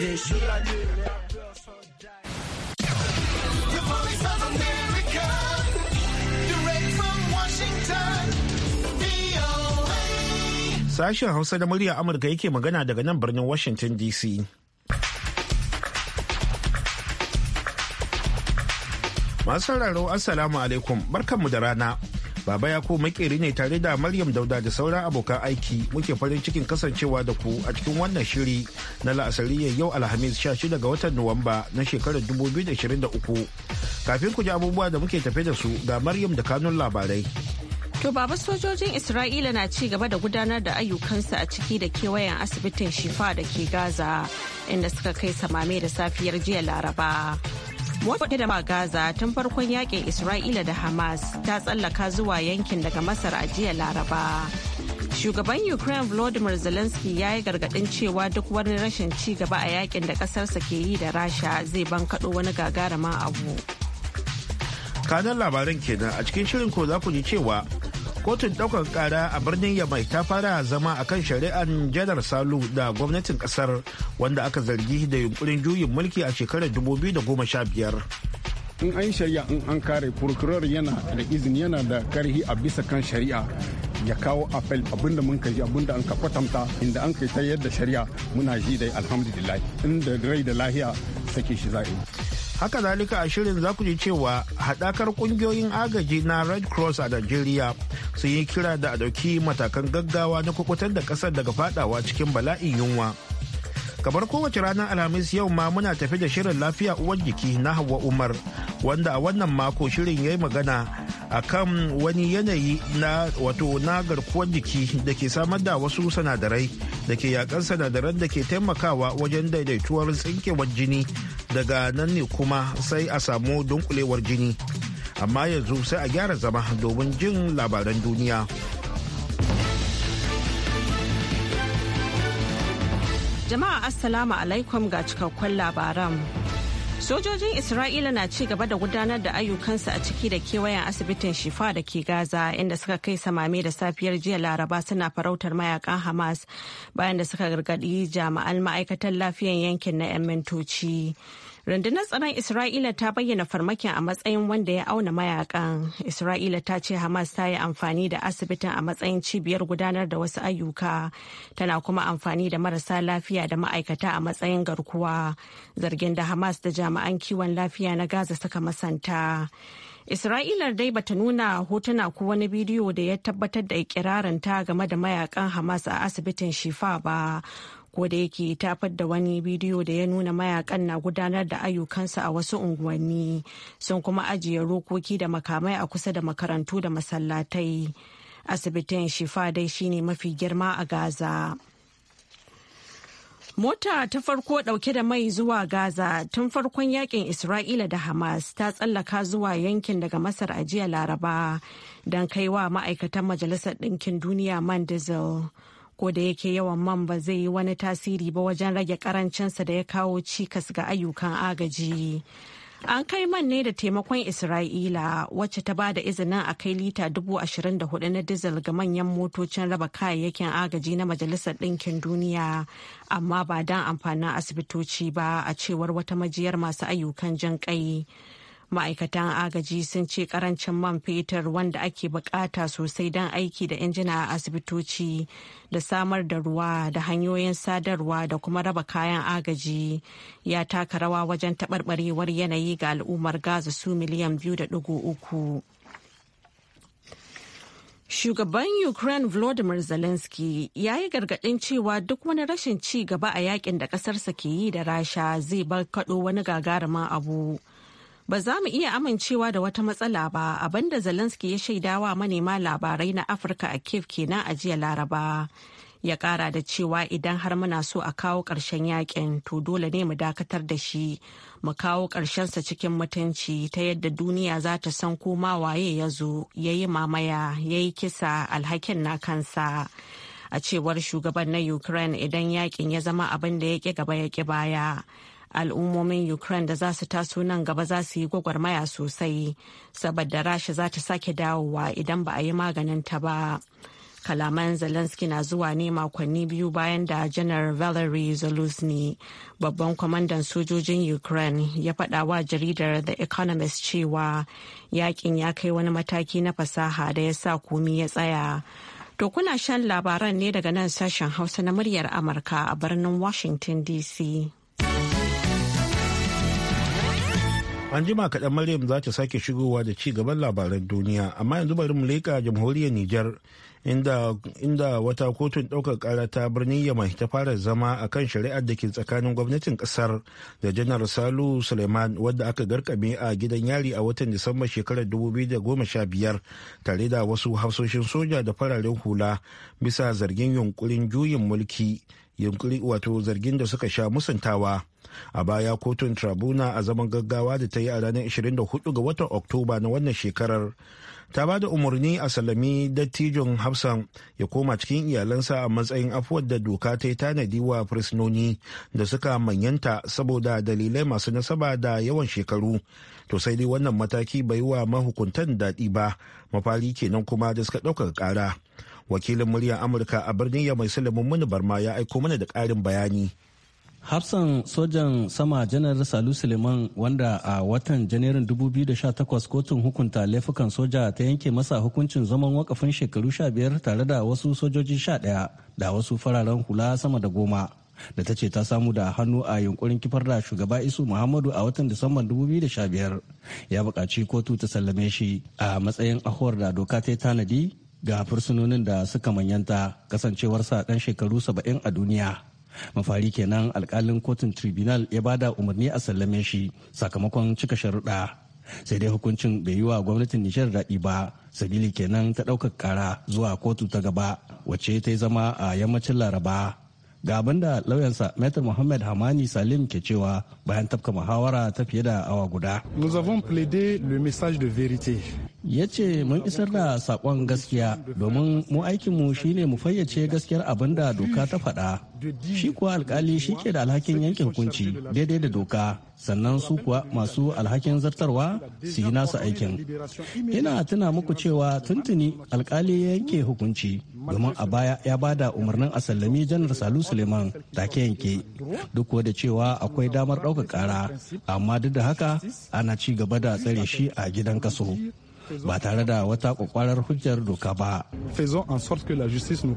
Sashen Hausa da murya Amurka yake magana daga nan birnin Washington DC. Masu sauraro Assalamu alaikum, barkanmu da rana. Baba Yako makeri ne tare da Maryam Dauda da sauran abokan aiki muke farin cikin kasancewa da ku a cikin wannan shiri na la'asariyar yau Alhamis 16 ga watan Nuwamba na shekarar 2023. Kafin ku ji abubuwa da muke tafe da su ga Maryam da kanun labarai. To baba sojojin Isra'ila na ci gaba da gudanar da ayyukansu a ciki da kewayen asibitin Shifa da ke Gaza inda suka kai samame da safiyar jiya Laraba. wata da gaza tun farkon yakin isra'ila da hamas ta tsallaka zuwa yankin daga masar a jiya laraba shugaban ukraine volodymyr zelensky ya yi gargadin cewa duk wani rashin ci gaba a yakin da kasarsa ke yi da rasha zai kaɗo wani gagaraman abu kanan labaran kenan a cikin shirin ko za ku ji cewa kotun ɗaukar ƙara a birnin yamai ta fara zama a kan shari'an janar salu da gwamnatin kasar wanda aka zargi da yunkurin juyin mulki a shekarar 2015 in an shari'a in an kare prokuror yana da izini yana da karhi a bisa kan shari'a ya kawo apel abinda mun kaji abinda an kwatanta inda an kai ta yadda shari'a muna ji dai alhamdulillah inda rai da lahiya sake shi za'i haka zalika a shirin za ku ji cewa haɗakar ƙungiyoyin agaji na red cross a nigeria sun yi kira da a ɗauki matakan gaggawa na kukutar da ƙasar daga fadawa cikin bala'in yunwa kamar kowace ranar alhamis yau ma muna tafi da shirin lafiya uwar jiki na hawa umar wanda a wannan mako shirin ya yi magana a kan wani yanayi na wato na garkuwar jiki da ke samar da wasu sanadarai da ke yakan sanadaran da ke taimakawa wajen daidaituwar tsinkewar jini daga nan ne kuma sai a samu dunkulewar jini amma yanzu sai a gyara zama domin jin labaran duniya. Jama'a Assalamu alaikum ga cikakkun labaran. Sojojin Isra'ila na ci gaba da gudanar da ayyukansu a ciki da kewayen asibitin Shifa da ke Gaza inda suka kai samame da safiyar jiya Laraba suna farautar mayakan Hamas bayan da suka gargaɗi jami'an ma'aikatan lafiyan yankin na 'yan mintoci. Rundunar tsaron Isra'ila ta bayyana farmakin a matsayin wanda ya auna mayakan. Isra'ila ta ce Hamas ta yi amfani da asibitin a matsayin cibiyar gudanar da wasu ayyuka, tana kuma amfani da marasa lafiya da ma'aikata a matsayin garkuwa, zargin da Hamas da jami'an kiwon lafiya na Gaza suka masanta. Isra'ila dai bata nuna hotuna ko wani bidiyo da ya tabbatar da ikirarin ta game da mayakan Hamas a asibitin Shifa ba, ko yake ta fadda wani bidiyo da ya nuna mayakan na gudanar da ayyukansu a wasu unguwanni sun kuma ajiye rokoki da makamai a kusa da makarantu da masallatai asibitin shifa dai shine mafi girma a gaza mota ta farko dauke da mai zuwa gaza tun farkon yakin isra'ila da hamas ta tsallaka zuwa yankin daga masar a jiya laraba don kaiwa ma'aikatan majalisar ɗinkin duniya man diesel ko da yake yawan man ba zai yi wani tasiri ba wajen rage karancinsa da ya kawo cikas ga ayyukan agaji. An kai man ne da taimakon Isra'ila wacce ta bada izinin a kai lita dubu ashirin da hudu na dizal ga manyan motocin raba kayayyakin agaji na Majalisar Ɗinkin Duniya, amma ba don amfanin asibitoci ba a cewar wata majiyar masu ayyukan jin ƙai. ma'aikatan agaji sun ce karancin man fetur wanda ake bukata sosai don aiki da injina a asibitoci da samar da ruwa da hanyoyin sadarwa da kuma raba kayan agaji ya taka rawa wajen taɓarɓarewar yanayi ga al'ummar gaza su miliyan biyu da uku. Shugaban Ukraine Volodymyr Zelensky ya yi gargaɗin cewa duk wani rashin ci gaba a yakin da ƙasarsa ke yi da Rasha zai bar kaɗo wani gagarumin abu. ba za mu iya amincewa da wata matsala ba abinda zelensky ya shaidawa manema labarai na afirka a kiev kenan a jiya laraba ya kara da cewa idan har muna so a kawo ƙarshen yakin to dole ne mu dakatar da shi mu kawo ƙarshensa cikin mutunci ta yadda duniya za ta san ko ma waye ya zo ya yi mamaya ya yi kisa alhakin na kansa a cewar shugaban na ukraine idan yakin ya zama abin da ya ƙi gaba ya ƙi baya al'ummomin ukraine da za su taso nan gaba za su yi gwagwarmaya sosai saboda rasha za ta sake dawowa idan ba a yi maganin ta ba kalaman zelensky na zuwa ne makonni biyu bayan da janar valery zelensky babban kwamandan sojojin ukraine ya faɗa wa jaridar the economist cewa yakin ya kai wani mataki na fasaha da ya sa komi ya tsaya to kuna shan labaran ne daga nan sashen hausa na muryar amurka a birnin washington dc An jima kaɗan Maryam za ta sake shigowa da ci gaban labaran duniya, amma yanzu bari mu leƙa jamhuriyar Nijar inda, wata kotun ɗaukar ƙara ta birnin Yamai ta fara zama a kan shari'ar da ke tsakanin gwamnatin ƙasar da janar Salu Suleiman wadda aka garkame a gidan yari a watan Disamba shekarar 2015 tare da wasu hafsoshin soja da fararen hula bisa zargin yunkurin juyin mulki yunkuri wato zargin da suka sha musantawa a baya kotun tribuna a zaman gaggawa da ta yi a ranar 24 ga watan oktoba na wannan shekarar ta ba da umarni a salami dattijon hafsan ya koma cikin iyalansa a matsayin afuwar da doka ta yi tanadi wa fursunoni da suka manyanta saboda dalilai masu nasaba da yawan shekaru to sai dai wannan mataki bai wa mahukuntan daɗi ba mafari kenan kuma da suka ɗaukar ƙara wakilin muryar amurka a birnin ya mai sulaimin muni barma ya aiko mana da karin bayani hafsan sojan sama janar salu suleiman wanda a watan janairun 2018 kotun hukunta laifukan soja ta yanke masa hukuncin zaman wakafin shekaru 15 tare da wasu sojoji 11 da wasu fararen hula sama da goma da ta ce ta samu da hannu a yunkurin kifar da shugaba isu muhammadu a watan disamban 2015 ya buƙaci kotu ta sallame shi a matsayin ahuwar da doka ta tanadi ga fursunonin da suka manyanta kasancewarsa ɗan shekaru saba'in a duniya mafari kenan alkalin kotun tribunal ya bada umarni a sallame shi sakamakon cika sharuɗa sai dai hukuncin bai yi wa gwamnatin nishar daɗi ba sabili kenan ta ɗaukar kara zuwa kotu ta gaba wacce ta yi zama a yammacin laraba ga abin da lauyansa Maitre Mohamed Hamani Salim ke cewa bayan tafka muhawara ta fiye da awa guda. Nous le message de vérité. Ya ce mun isar da saƙon gaskiya domin mu aikinmu shine mu fayyace gaskiyar abin da doka ta faɗa. Shi kuwa alkali shi ke da alhakin yanke hukunci daidai da doka sannan su kuwa masu alhakin zartarwa su yi nasu aikin. Ina tuna muku cewa tuntuni alkali ya yanke hukunci domin a baya ya bada umarnin a janar salu suleiman take yanke duk da cewa akwai damar ɗaukar kara amma duk da haka ana ci gaba da tsare shi a gidan kaso ba tare da wata kwakwarar hujjar doka ba. en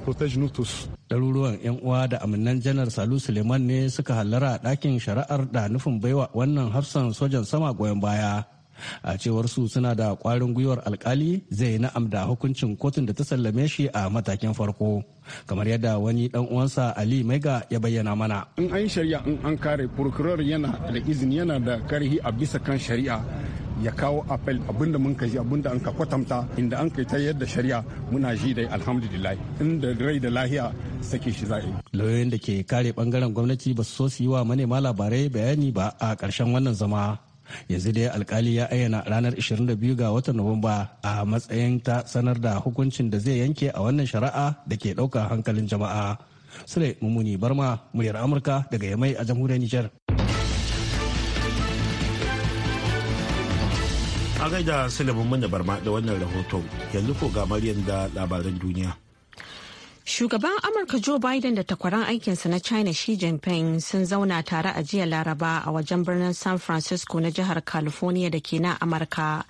Ɗaruruwan 'yan uwa da aminan janar Salu Suleiman ne suka hallara a ɗakin shari'ar da nufin baiwa wannan hafsan sojan sama goyon baya. a cewar su suna da kwarin gwiwar alkali zai na'am da hukuncin kotun da ta sallame shi a matakin farko kamar yadda wani dan uwansa ali maiga ya bayyana mana in an shari'a in an kare prokuror yana da izini yana da karhi a bisa kan shari'a ya kawo apel abinda mun ka ji abinda an ka kwatanta inda an kai ta yadda shari'a muna ji dai alhamdulillah inda rai da lahiya sake shi za'i lauyoyin da ke kare bangaren gwamnati ba su so su yi wa manema labarai bayani ba a karshen wannan zama yanzu dai alkali ya ayyana ranar 22 ga watan nuwamba a matsayin ta sanar da hukuncin da zai yanke a wannan shari'a da ke ɗauka hankalin jama'a sule mummuni barma muryar amurka daga yamai a jamhuriyar nijar a gaida sule mumuni barma da wannan rahoton yanzu ko ga maryan da labaran duniya Shugaban Amurka Joe Biden da takwaran aikinsa na China Xi Jinping sun zauna tare a jiya Laraba a wajen birnin San Francisco na jihar California da ke na Amurka.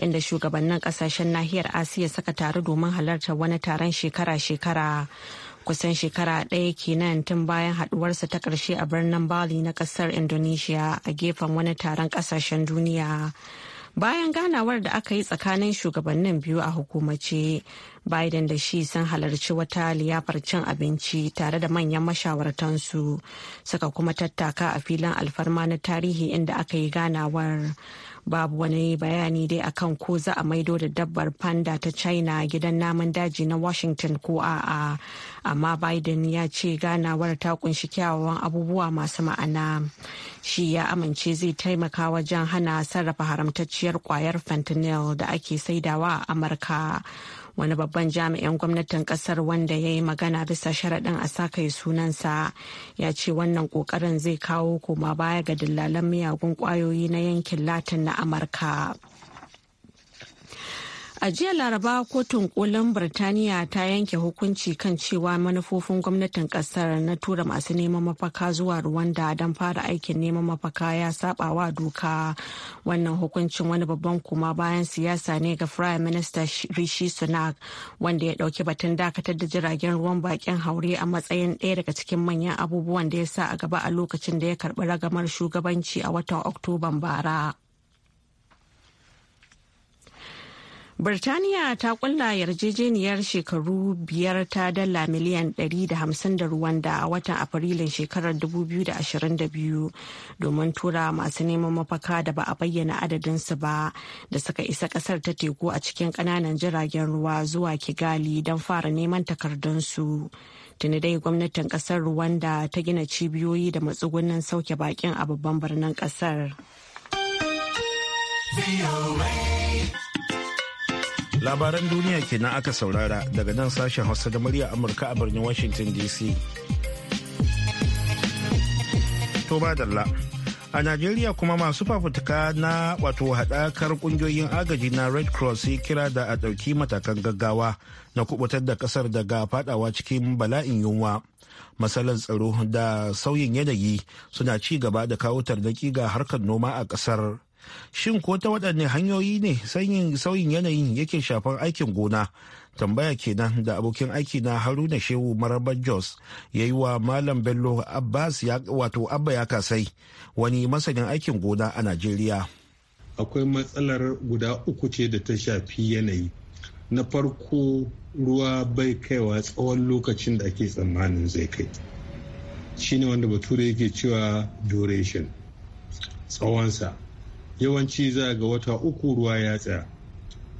Inda shugabannin kasashen nahiyar Asiya suka taru domin halarta wani taron shekara-shekara. Kusan shekara ɗaya kenan tun bayan haduwarsa ta ƙarshe a birnin Bali na ƙasar Indonesia a gefen wani taron ƙasashen duniya. bayan ganawar da aka yi tsakanin shugabannin biyu a hukumace biden da shi sun halarci wata liyafar cin abinci tare da manyan mashawartansu suka kuma tattaka a filin alfarma na tarihi inda aka yi ganawar babu wani bayani dai akan ko za a maido da dabbar panda ta china gidan namun daji na washington ko a'a amma biden ya ce ganawar ta kunshi kyawawan abubuwa masu ma'ana shi ya amince zai taimaka wajen hana sarrafa haramtacciyar kwayar fentanyl da ake saidawa a amurka wani babban jami'in gwamnatin kasar wanda ya yi magana bisa sharaɗin a kai sunansa ya ce wannan ƙoƙarin zai kawo koma baya ga dillalan miyagun ƙwayoyi na yankin latin na amurka. A jiya Laraba kotun kolin Birtaniya ta yanke hukunci kan cewa manufofin gwamnatin kasar na tura masu neman mafaka zuwa Rwanda don fara aikin neman mafaka ya saba wa doka. Wannan hukuncin wani babban kuma bayan siyasa ne ga Prime Minister Rishi Sunak wanda ya dauki batun dakatar da jiragen ruwan bakin haure a matsayin ɗaya daga cikin manyan abubuwan da ya sa a gaba a lokacin da ya karbi ragamar shugabanci a watan Oktoban bara. Birtaniya ta kulla yarjejeniyar shekaru biyar ta dala miliyan 150 da ruwanda a watan Afrilun shekarar 2022 domin tura masu neman mafaka da ba a bayyana adadinsu ba da suka isa kasar ta teku a cikin kananan jiragen ruwa zuwa Kigali don fara neman takardunsu. Tuni dai gwamnatin kasar ruwanda ta gina cibiyoyi da matsugunan sauke bakin a babban birnin kasar. labaran duniya kenan aka saurara daga nan sashen hausa da murya amurka a birnin washington dc to badalla a najeriya kuma masu fafutuka na wato hadakar kungiyoyin agaji na red cross ya kira da a ɗauki matakan gaggawa na kubutar da kasar daga fadawa cikin bala'in yunwa matsalar tsaro da sauyin yanayi suna ci gaba da kawo tarnaki ga harkar noma a kasar. Shin ko ta waɗanne hanyoyi ne sanyin sauyin yanayin yake shafar aikin gona? Tambaya kenan da abokin aiki na Haruna Shehu Maraba Jos ya yi wa Malam Bello Abbas wato Abba ya kasai wani masanin aikin gona a Najeriya. Akwai matsalar guda uku ce da ta shafi yanayi. Na farko ruwa bai kaiwa tsawon lokacin da ake tsammanin zai kai. Shine wanda bature yake cewa duration tsawonsa. yawanci za ga wata uku ruwa ya tsaya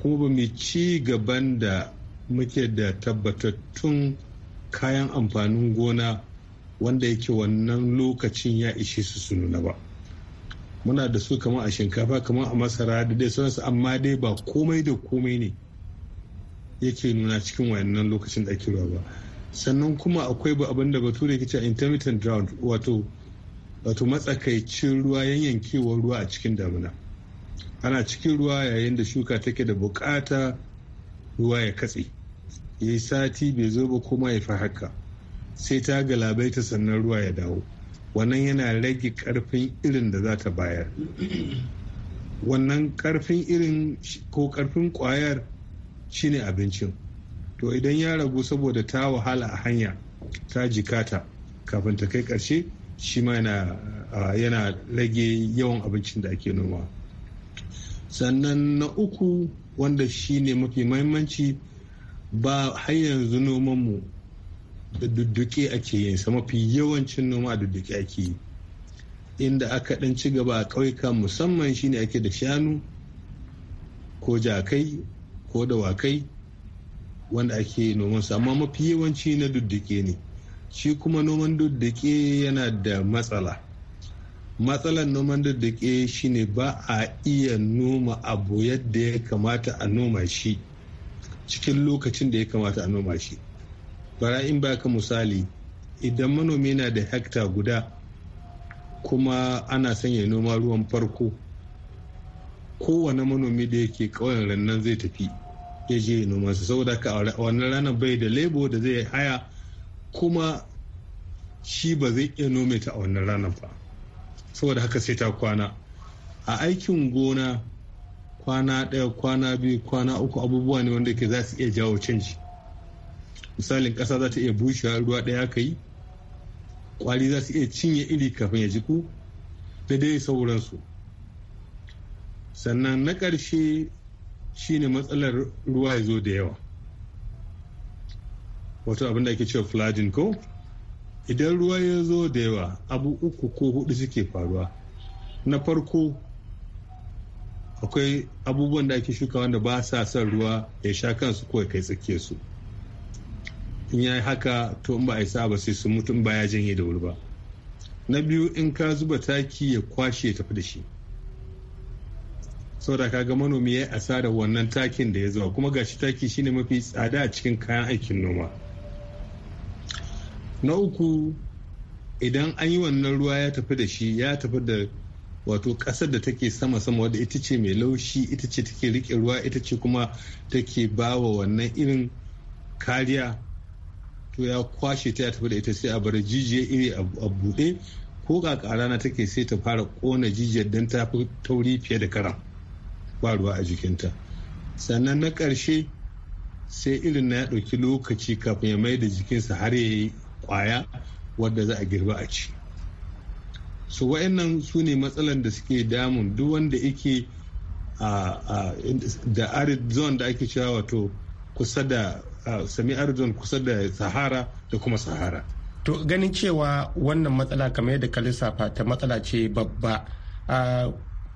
kuma ba mu ci gaban da muke da tabbatattun kayan amfanin gona wanda yake wannan lokacin ya ishe su su nuna ba muna da su kamar a shinkafa kamar a masara da dai sauransu amma dai ba komai da komai ne yake nuna cikin wannan lokacin da ake ruwa ba sannan kuma akwai abin da bature ke cewa intermittent drought wato wato matsakaicin ruwa yanyankewar ruwa a cikin damuna ana cikin ruwa yayin da shuka take da bukata ruwa ya katse ya yi sati bai zo ba kuma ya fi haka sai ta galabaita sannan ruwa ya dawo wannan yana rage karfin irin da za ta bayar wannan karfin irin ko karfin kwayar shine abincin to idan ya ragu saboda ta wahala a hanya ta jikata kafin ta kai ƙarshe shi ma yana rage yawan abincin da ake noma sannan na uku wanda shi ne mafi mahimmanci ba har yanzu nomanmu da dudduke ake yin sa mafi yawancin noma dudduke ake yi inda aka ɗan ci gaba a ƙauyuka musamman shine ake da shanu ko jakai ko dawakai wanda ake noman sa amma mafi yawanci na dudduke ne shi kuma noman duddake yana da matsala matsalan noman shi shine ba a iya noma abu yadda ya kamata a noma shi cikin lokacin da ya kamata a noma shi bara in baka misali idan manomi na da hekta guda kuma ana sanya noma ruwan farko kowane manomi da yake ƙauyen rannan zai tafi ya je nomansa saboda ka a wannan ranar bai da lebo da zai haya kuma shi ba zai iya nome ta a wannan ranar ba saboda haka sai ta kwana a aikin gona kwana ɗaya kwana biyu kwana uku abubuwa ne wanda ke za su iya jawo canji misalin ƙasa za ta iya bushewa ruwa ɗaya ka yi kwari za su iya cinye iri kafin ya jiku da dai sauransu sannan na ƙarshe shine matsalar ruwa ya zo da yawa wato abin da ake cewa flooding ko idan ruwa ya zo da yawa abu uku ko hudu suke faruwa na farko akwai abubuwan da ake shuka wanda ba sa son ruwa ya sha kansu ko ya kai tsakiyar su in ya yi haka to in ba a yi sa ba sai su in ba ya janye da wuri ba na biyu in ka zuba taki ya kwashe ya tafi da shi Sau da kaga manomi ya yi asarar wannan takin da ya zuwa kuma gashi taki shine mafi tsada a cikin kayan aikin noma na uku idan an yi wannan ruwa ya tafi da shi ya tafi da wato kasar da take sama-sama wadda ita ce mai laushi ita ce take rike ruwa ita ce kuma take ba wa wannan irin kariya to ya kwashe ta ya tafi da ita sai a bar jijiyar iri a buɗe ko ga rana take sai ta fara kona jijiyar don ta fi tauri fiye da karam ba ruwa a jikinta sannan na ƙarshe sai irin na ya ɗauki lokaci kafin ya mai da jikinsa har ya yi. kwaya wadda za a girba a ci so wa'annan su ne matsalan da suke damun duk wanda yake da arid da ake cewa wato kusa da sami arid kusa da sahara da kuma sahara to ganin cewa wannan matsala kamar yadda ka lissafa ta matsala ce babba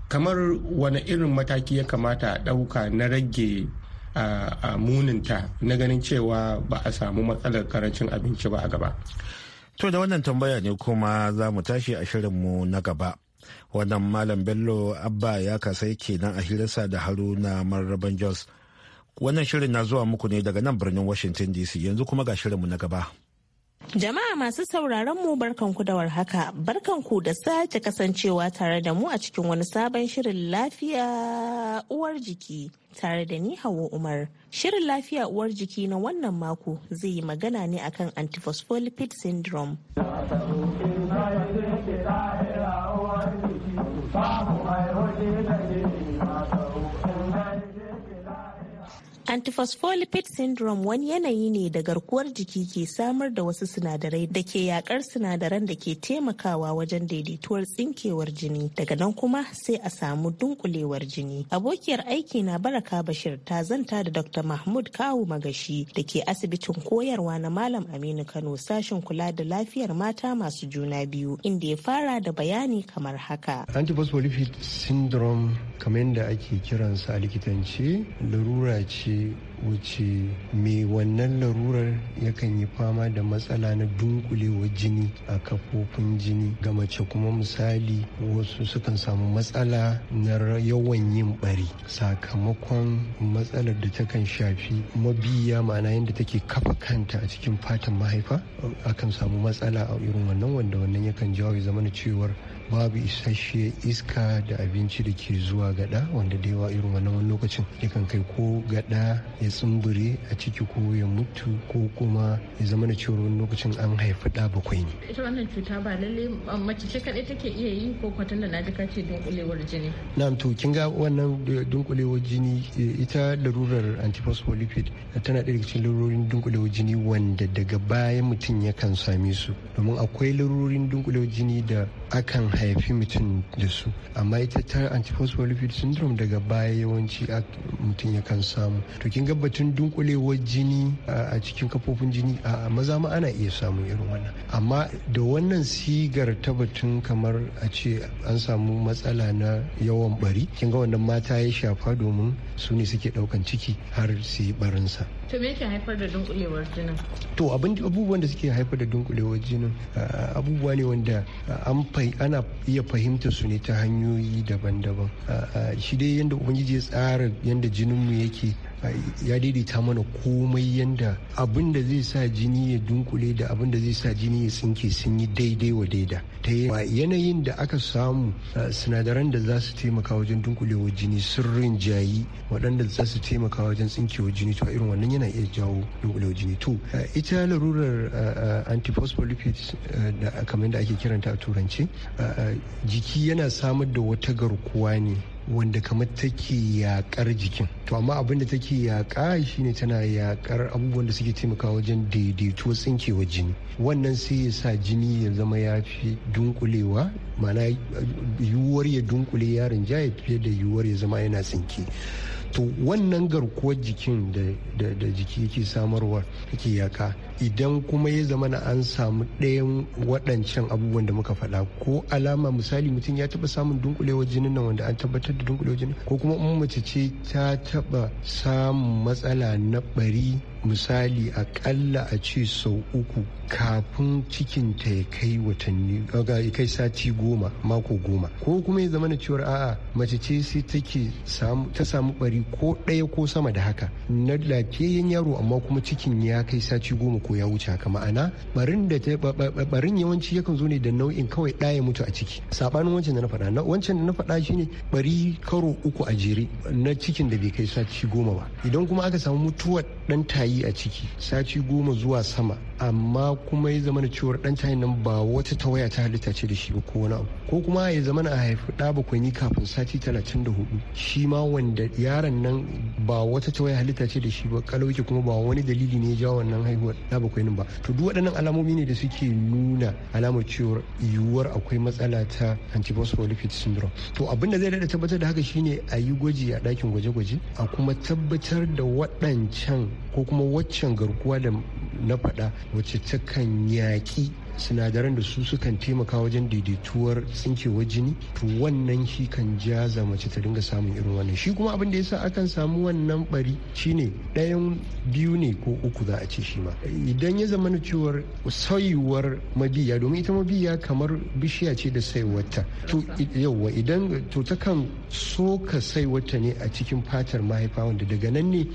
kamar wani irin mataki ya kamata a ɗauka na rage a muninta na ganin cewa ba a samu matsalar karancin abinci ba a gaba. To da wannan tambaya ne kuma za mu tashi a mu na gaba. Wannan Malam Bello Abba ya kasai kenan a hirarsa da Haruna Marraban Jos. Wannan shirin na zuwa muku ne daga nan birnin Washington DC yanzu kuma ga shirinmu na gaba. Jama'a masu sauraron mu barkanku da warhaka, barkanku da sake kasancewa tare da mu a cikin wani sabon shirin lafiya uwar jiki tare da ni hawa Umar. Shirin lafiya uwar jiki na wannan mako zai yi magana ne akan antiphospholipid syndrome. Antiphospholipid syndrome wani yanayi ne da garkuwar jiki ke samar da wasu sinadarai da ke yakar sinadaran da ke taimakawa wajen daidaituwar tsinkewar jini daga nan kuma sai a samu dunkulewar jini. Abokiyar aiki na Baraka Bashir ta zanta da Dr. Mahmud Kawu Magashi da ke asibitin koyarwa na Malam Aminu Kano sashen kula da lafiyar mata masu juna biyu inda ya fara da bayani kamar haka. Antiphospholipid syndrome kamar yadda ake kiransa a likitanci larura ce ce wace mai wannan larurar yakan yi fama da matsala na dunkulewar jini a kafofin jini ga mace kuma misali wasu sukan samu matsala na yawan yin bari sakamakon matsalar da takan shafi mabiya ma'ana yadda take kafa kanta a cikin fatan mahaifa akan samu matsala a irin wannan wanda wannan yakan jawo ya zama cewar babu isasshe iska da abinci da ke zuwa gada wanda da yawa irin wannan wani lokacin yakan kai ko gada ya tsumbure a ciki ko ya mutu ko kuma ya zama da cewa wani lokacin an haifi da bakwai ne ita wannan cuta ba lalle mace ce take iya yi ko kwatan da naji ce dunkulewar jini na'am to kin ga wannan dunkulewar jini ita larurar antiphospholipid tana ɗaya daga cikin larurorin dunkulewar jini wanda daga baya mutum yakan same su domin akwai larurorin dunkulewar jini da akan haifi mutum da su amma ita ta antiphospholipid syndrome daga baya yawanci mutum ya kan samu to kin ga batun dunkulewar jini a cikin kafofin jini a maza ma ana iya samun irin wannan amma da wannan sigar ta batun kamar a ce an samu matsala na yawan bari kin ga wannan mata ya shafa domin su ne suke daukan ciki har su yi barinsa To me yake haifar da dunkulewar jinin? To abin abubuwan da suke haifar da dunkulewar jinin abubuwa ne wanda an ana iya fahimta su ne ta hanyoyi daban-daban. Shi dai yadda Ubangiji ya tsara yadda jinin mu yake ya daidaita mana komai yadda abin da zai sa jini ya dunkule da abin da zai sa jini ya tsinke sun yi daidai wa daida ta yanayin da aka samu sinadaran da za su taimaka wajen dunkulewa jini sirrin jayi waɗanda za su taimaka wajen tsinkewa jini to irin wannan yana iya jawo dunkulewa jini to ita larurar antiphospholipids da kamar da ake kiranta a turanci jiki yana samar da wata garkuwa ne wanda kamar take yakar jikin to amma abin da take yaka shine tana yakar abubuwan da suke taimakawa wajen daidaito tsinkewa jini wannan sai ya sa jini ya zama ya fi dunkulewa mana yiwuwar ya dunkule yaron ja ya fiye da yiwuwar ya zama yana tsinke to wannan garkuwar jikin da jiki yake samarwa yake yaka idan kuma ya zama na an samu ɗayan waɗancan abubuwan da muka faɗa ko alama misali mutum ya taɓa samun dunkulewar jinin nan wanda an tabbatar da dunkulewar jinin ko kuma in mace ce ta taɓa samun matsala na ɓari misali aƙalla a ce sau uku kafin cikinta ya kai watanni ya kai sati goma mako goma ko kuma ya zama na cewar a'a mace ce sai take ta samu ɓari ko ɗaya ko sama da haka na lafiyayyen yaro amma kuma cikin ya kai sati goma uku ya wuce haka ma'ana barin da barin yawanci yakan zo ne da nau'in kawai ɗaya mutu a ciki sabanin wancan da na faɗa wancan da na faɗa ne bari karo uku a jere na cikin da bai kai sati goma ba idan kuma aka samu mutuwar dan tayi a ciki sati goma zuwa sama amma kuma ya zama cewar dan tayin nan ba wata tawaya ta halitta ce da shi ba ko wani ko kuma ya zama a haifi ɗa bakwai kafin sati talatin da hudu shi ma wanda yaron nan ba wata tawaya halitta ce da shi ba kalauke kuma ba wani dalili ne ya jawo wannan haihuwar ta bakwai ba to duk waɗannan alamomi ne da suke nuna alamar cewar yiwuwar akwai matsala ta antiphospholipid syndrome to abin da zai daɗa tabbatar da haka shine a yi gwaji a ɗakin gwaje-gwaje a kuma tabbatar da waɗancan ko kuma waccan garkuwa da na faɗa wacce ta kan yaƙi sinadaran da su sukan taimaka wajen daidaituwar tsinkewar jini to wannan shi kan jaza mace ta dinga samun irin wannan shi kuma abin da yasa akan samu wannan bari shine ɗayan biyu ne ko uku za a ce shi ma idan ya zama na cewar sayuwar mabiya domin ita mabiya kamar bishiya ce da saiwata to yauwa idan to takan soka saiwata ne a cikin fatar mahaifa wanda daga nan ne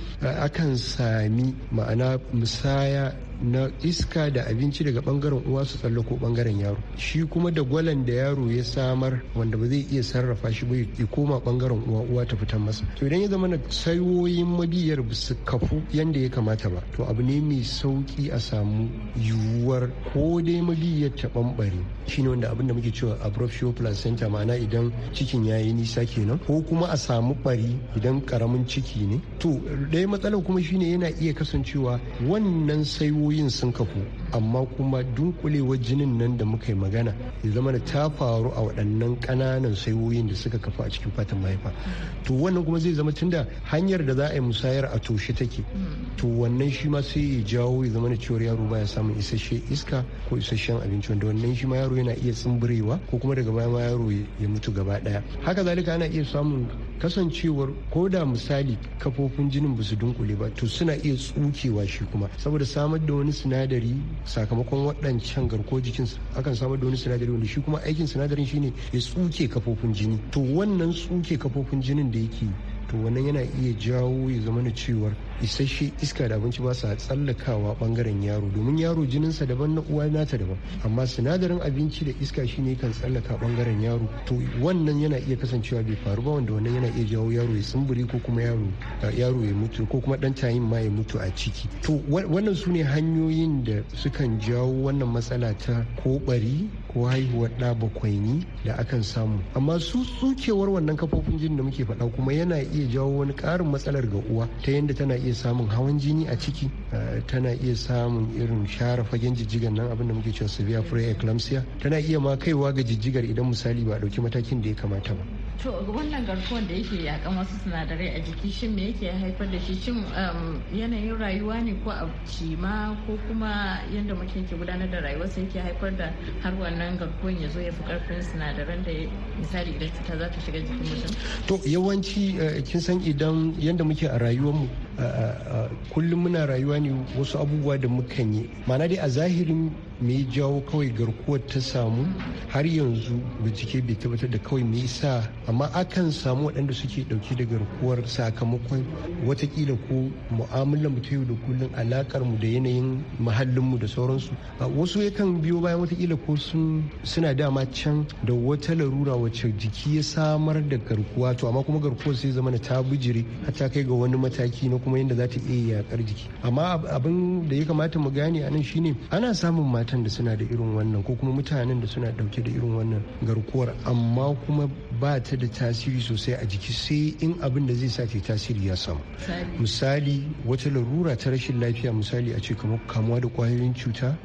akan sami ma'ana musaya na iska da abinci daga bangaren uwa su tsallako bangaren yaro shi kuma da gwalan da yaro ya samar wanda ba zai iya sarrafa shi ba ya koma bangaren uwa uwa ta fitan masa to idan ya zama na sayoyin mabiyar ba su kafu yanda ya kamata ba to abu ne mai sauki a samu yiwuwar ko dai mabiyar ta bambare shine wanda abin da muke cewa abrofio placenta ma'ana idan cikin ya yi nisa kenan ko kuma a samu bari idan karamin ciki ne to ɗaya matsalar kuma shine yana iya kasancewa wannan sayo hanyoyin sun kafu amma kuma dunkulewar jinin nan da muka yi magana ya zama da ta faru a waɗannan ƙananan saiwoyin da suka kafu a cikin fatan mahaifa to wannan kuma zai zama tunda hanyar da za a yi musayar a toshe take to wannan shi ma sai ya jawo ya zama da cewar yaro baya samun isasshe iska ko isasshen abinci wanda wannan shi ma yaro yana iya tsumburewa ko kuma daga baya ma yaro ya mutu gaba ɗaya haka zalika ana iya samun kasancewar ko da misali kafofin jinin ba su dunkule ba to suna iya tsukewa shi kuma saboda samar da wani sinadari sakamakon waɗancan garko jikin akan samar da wani sinadari wanda shi kuma aikin sinadarin shine ya tsuke kafofin jini to wannan tsuke kafofin jinin da yake to wannan yana iya jawo ya zama cewar isasshe iska da abinci ba sa tsallakawa bangaren yaro domin yaro jininsa daban na uwa nata daban amma sinadarin abinci da iska shine kan tsallaka bangaren yaro to wannan yana iya kasancewa bai faru ba wanda wannan yana iya jawo yaro ya sumburi ko kuma yaro yaro ya mutu ko kuma dan tayin ma ya mutu a ciki to wannan su ne hanyoyin da sukan jawo wannan matsala ta ko bari ko haihuwar ɗa bakwaini da akan samu amma su tsukewar wannan kafofin jin da muke faɗa kuma yana iya jawo wani ƙarin matsalar ga uwa ta yadda tana iya iya samun hawan jini a ciki tana iya samun irin share fagen jijjigar nan abin da muke cewa severe preeclampsia tana iya ma kaiwa ga jijjigar idan misali ba dauki matakin da ya kamata ba to wannan garkuwar da yake yakan wasu sinadarai a jiki shin me yake haifar da shi shin um, yanayin rayuwa ne ko a ma ko kuma yadda mutum ke gudanar da rayuwa sai yake haifar da har wannan garkuwar ya zo ya fi karfin sinadaran da misali idan ta za ta shiga jikin mutum to yawanci eh, kin san idan yadda muke a rayuwar mu. kullum muna rayuwa ne wasu abubuwa da mukan yi ma'ana dai a zahirin me jawo kawai garkuwar ta samu har yanzu bincike bai tabbatar da kawai me sa amma akan samu waɗanda suke ɗauki da garkuwar sakamakon watakila ko mu'amalar mu ta yau da kullum alakar mu da yanayin muhallin mu da sauransu wasu yakan biyo bayan watakila ko sun suna dama can da wata larura wacce jiki ya samar da garkuwa to amma kuma garkuwar sai zama ta bijire har ta kai ga wani mataki na kuma yadda za ta iya yakar jiki amma abin da ya kamata mu gane a nan shine ana samun mata matan da suna da irin wannan ko kuma mutanen da suna dauke da irin wannan garkuwar amma kuma ba ta da tasiri sosai a jiki sai in abin da zai sa ta tasiri ya samu misali wata larura ta rashin lafiya misali a ce kamar kamuwa da kwayoyin cuta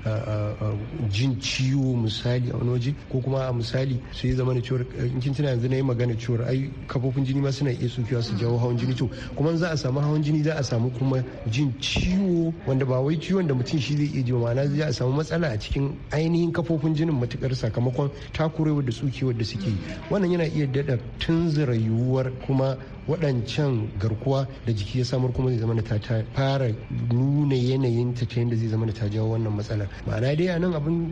jin ciwo misali a wani waje ko kuma a misali sai ya zama da cewar kin tuna yanzu na yi magana cewar ai kafofin jini ma suna iya tsukewa su jawo hawan jini to kuma za a samu hawan jini za a samu kuma jin ciwo wanda ba wai ciwon da mutum shi zai iya jiwa ma'ana za a samu matsala a cikin ainihin kafofin jinin matukar sakamakon takurewar da tsukewar da suke wannan yana iya zai daɗa tunzura yiwuwar kuma waɗancan garkuwa da jiki ya samar kuma zai zama ta fara nuna yanayin ta ta yadda zai zama ta jawo wannan matsalar ma'ana dai a nan abin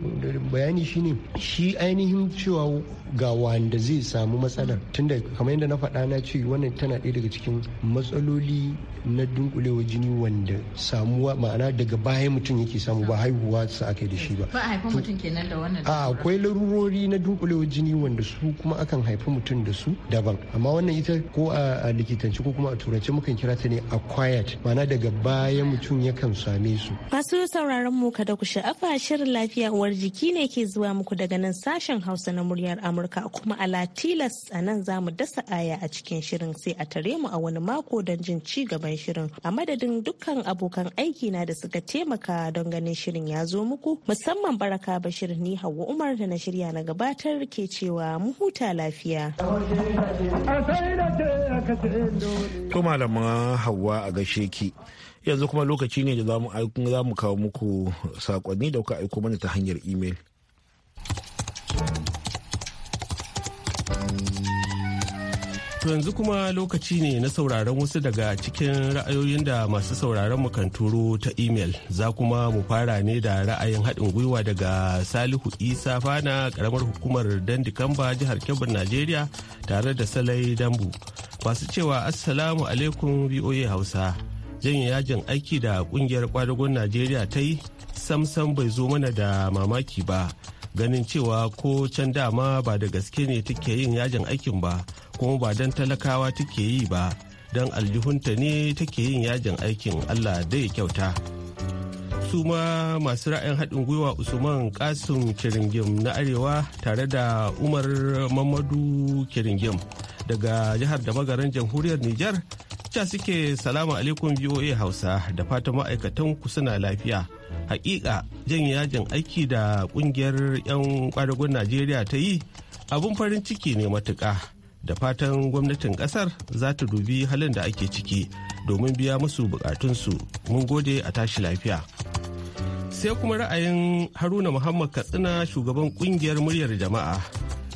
bayani shine shi ainihin cewa ga wanda zai samu matsalar tunda kamar yadda na faɗa na ce wannan tana ɗaya daga cikin matsaloli na dunkulewa jini wanda samuwa ma'ana daga bayan mutum yake samu ba haihuwa sa aka yi da shi ba ba haifi mutum kenan da wannan a akwai larurori na dunkulewa jini wanda su kuma akan haifi mutum da su daban amma wannan ita ko a a likitanci ko kuma a turanci mukan kira ta ne a acquired mana daga bayan mutum yakan same su. Masu sauraron mu kada ku sha'afa shirin lafiya uwar jiki ne ke zuwa muku daga nan sashen Hausa na muryar Amurka kuma a Latilas a nan za mu dasa aya a cikin shirin sai a tare mu a wani mako don jin ci gaban shirin. A madadin dukkan abokan aiki na da suka taimaka don ganin shirin ya zo muku musamman Baraka Bashir ni Hauwa Umar da na shirya na gabatar ke cewa mu huta lafiya. To malama Hauwa a gaishe ki. Yanzu kuma lokaci ne da za mu kawo muku sakonni da kuka aiko mana ta hanyar email. To yanzu kuma lokaci ne na sauraron wasu daga cikin ra'ayoyin da masu sauraron mu kan turo ta email Za kuma mu fara ne da ra'ayin haɗin gwiwa daga Salihu Isa Fana, ƙaramar hukumar Dandikamba jihar Kebbi, Najeriya, tare da Salai Dambu. masu cewa assalamu alaikum voa hausa janye yajin aiki da kungiyar kwadagon najeriya ta yi samsam bai zo mana da mamaki ba ganin cewa ko can dama ba da gaske ne take yin yajin aikin ba kuma ba don talakawa take yi ba don aljihunta ne take yin yajin aikin allah dai kyauta su ma masu ra'ayin haɗin gwiwa usman kasim kiringim na arewa tare da umar mamadu kiringim daga jihar da magaran jamhuriyar Nijar ta suke salamu alaikum VOA Hausa da fatan ma'aikatan ku suna lafiya. Hakika jan yajin aiki da kungiyar 'yan kwadagon Najeriya ta yi abun farin ciki ne matuƙa da fatan gwamnatin ƙasar za ta dubi halin da ake ciki domin biya musu bukatunsu mun gode a tashi lafiya. Sai kuma ra'ayin Haruna Muhammad Katsina shugaban kungiyar muryar jama'a.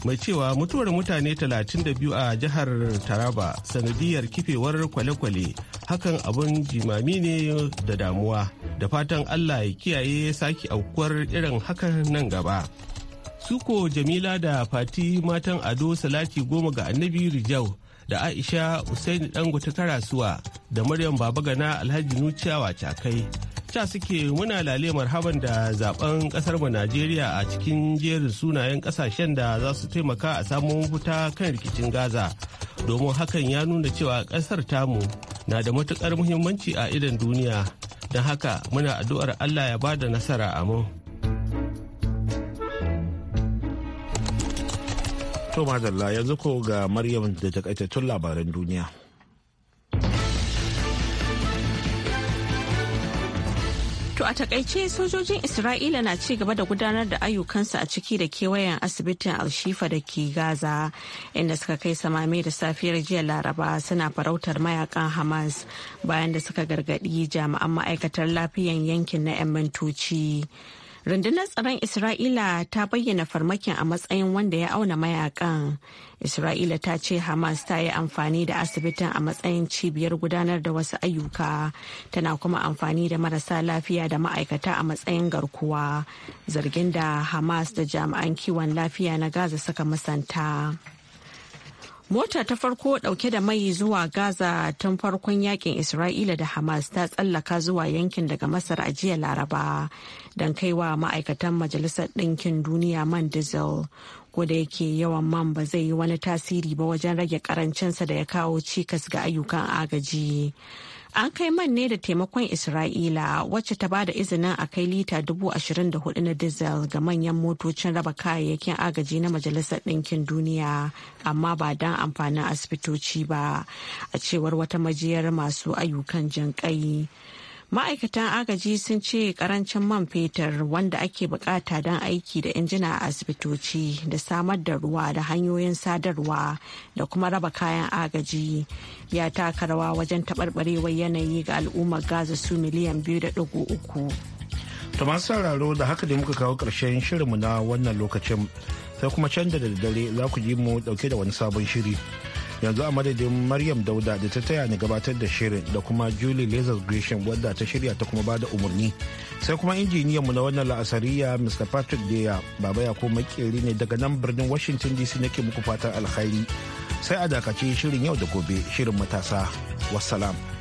mai cewa mutuwar mutane 32 a jihar taraba sanadiyar kifewar kwale-kwale hakan abun jimami ne da damuwa da fatan allah ya kiyaye sake aukuwar irin hakan nan gaba suko jamila da fati matan ado salati goma ga annabi rijau da aisha usaini dangote karasuwa da maryam babagana alhaji nuciyawa cakai ca suke muna lale marhaban da zaben kasar mu Najeriya a cikin jerin sunayen kasashen da za su taimaka a samu mafita kan rikicin Gaza. Domin hakan ya nuna cewa kasar tamu na da matukar muhimmanci a idan duniya. Don haka muna addu'ar Allah ya bada nasara a mu. To madalla yanzu ko ga Maryam da takaitattun labaran duniya. To a takaice sojojin Isra'ila na ci gaba da gudanar da ayyukansu a ciki da kewayen asibitin Alshifa da ke Gaza inda suka kai samame da safiyar jiya Laraba suna farautar mayakan Hamas bayan da suka gargadi jami'an ma'aikatar lafiyan yankin na 'yan mintoci. Rundunar tsaron Isra'ila ta bayyana farmakin a matsayin wanda ya auna mayakan. Isra'ila ta ce Hamas ta yi amfani da asibitin a matsayin cibiyar gudanar da wasu ayyuka, tana kuma amfani da marasa lafiya da ma'aikata a matsayin garkuwa, zargin da Hamas da jami'an kiwon lafiya na Gaza suka musanta. Mota ta farko dauke da mai zuwa Gaza tun farkon yakin Isra'ila da Hamas ta tsallaka zuwa yankin daga Masar a jiya Laraba don kaiwa ma'aikatan Majalisar Ɗinkin Duniya man diesel. da yake yawan man ba zai yi wani tasiri ba wajen rage karancinsa da ya kawo cikas ga ayyukan agaji. An kai man ne da taimakon Isra'ila wacce ta ba da izinin a kai lita dubu ashirin da hudu na diesel ga manyan motocin raba kayayyakin agaji na Majalisar Ɗinkin Duniya amma ba don amfanin asibitoci ba a cewar wata majiyar masu ayyukan jinƙai. ma'aikatan agaji sun ce karancin man fetur wanda ake bukata don aiki da injina a asibitoci da samar da ruwa da hanyoyin sadarwa da kuma raba kayan agaji ya taka rawa wajen taɓarɓarewar yanayi ga al'ummar gaza su miliyan biyu da uku. masu sauraro da haka da muka kawo ƙarshen shirinmu na wannan lokacin sai kuma can da daddare za ku ji mu dauke da wani sabon shiri. yanzu a madadin maryam dauda da ta taya ni gabatar da shirin da kuma julie lazar gresham wadda ta shirya ta kuma bada umarni sai kuma injiniyan mu na wannan la'asariya mr patrick deya baba ya ko makeri ne daga nan birnin washington dc nake muku fatan alkhairi sai a dakace shirin yau da gobe shirin matasa wassalam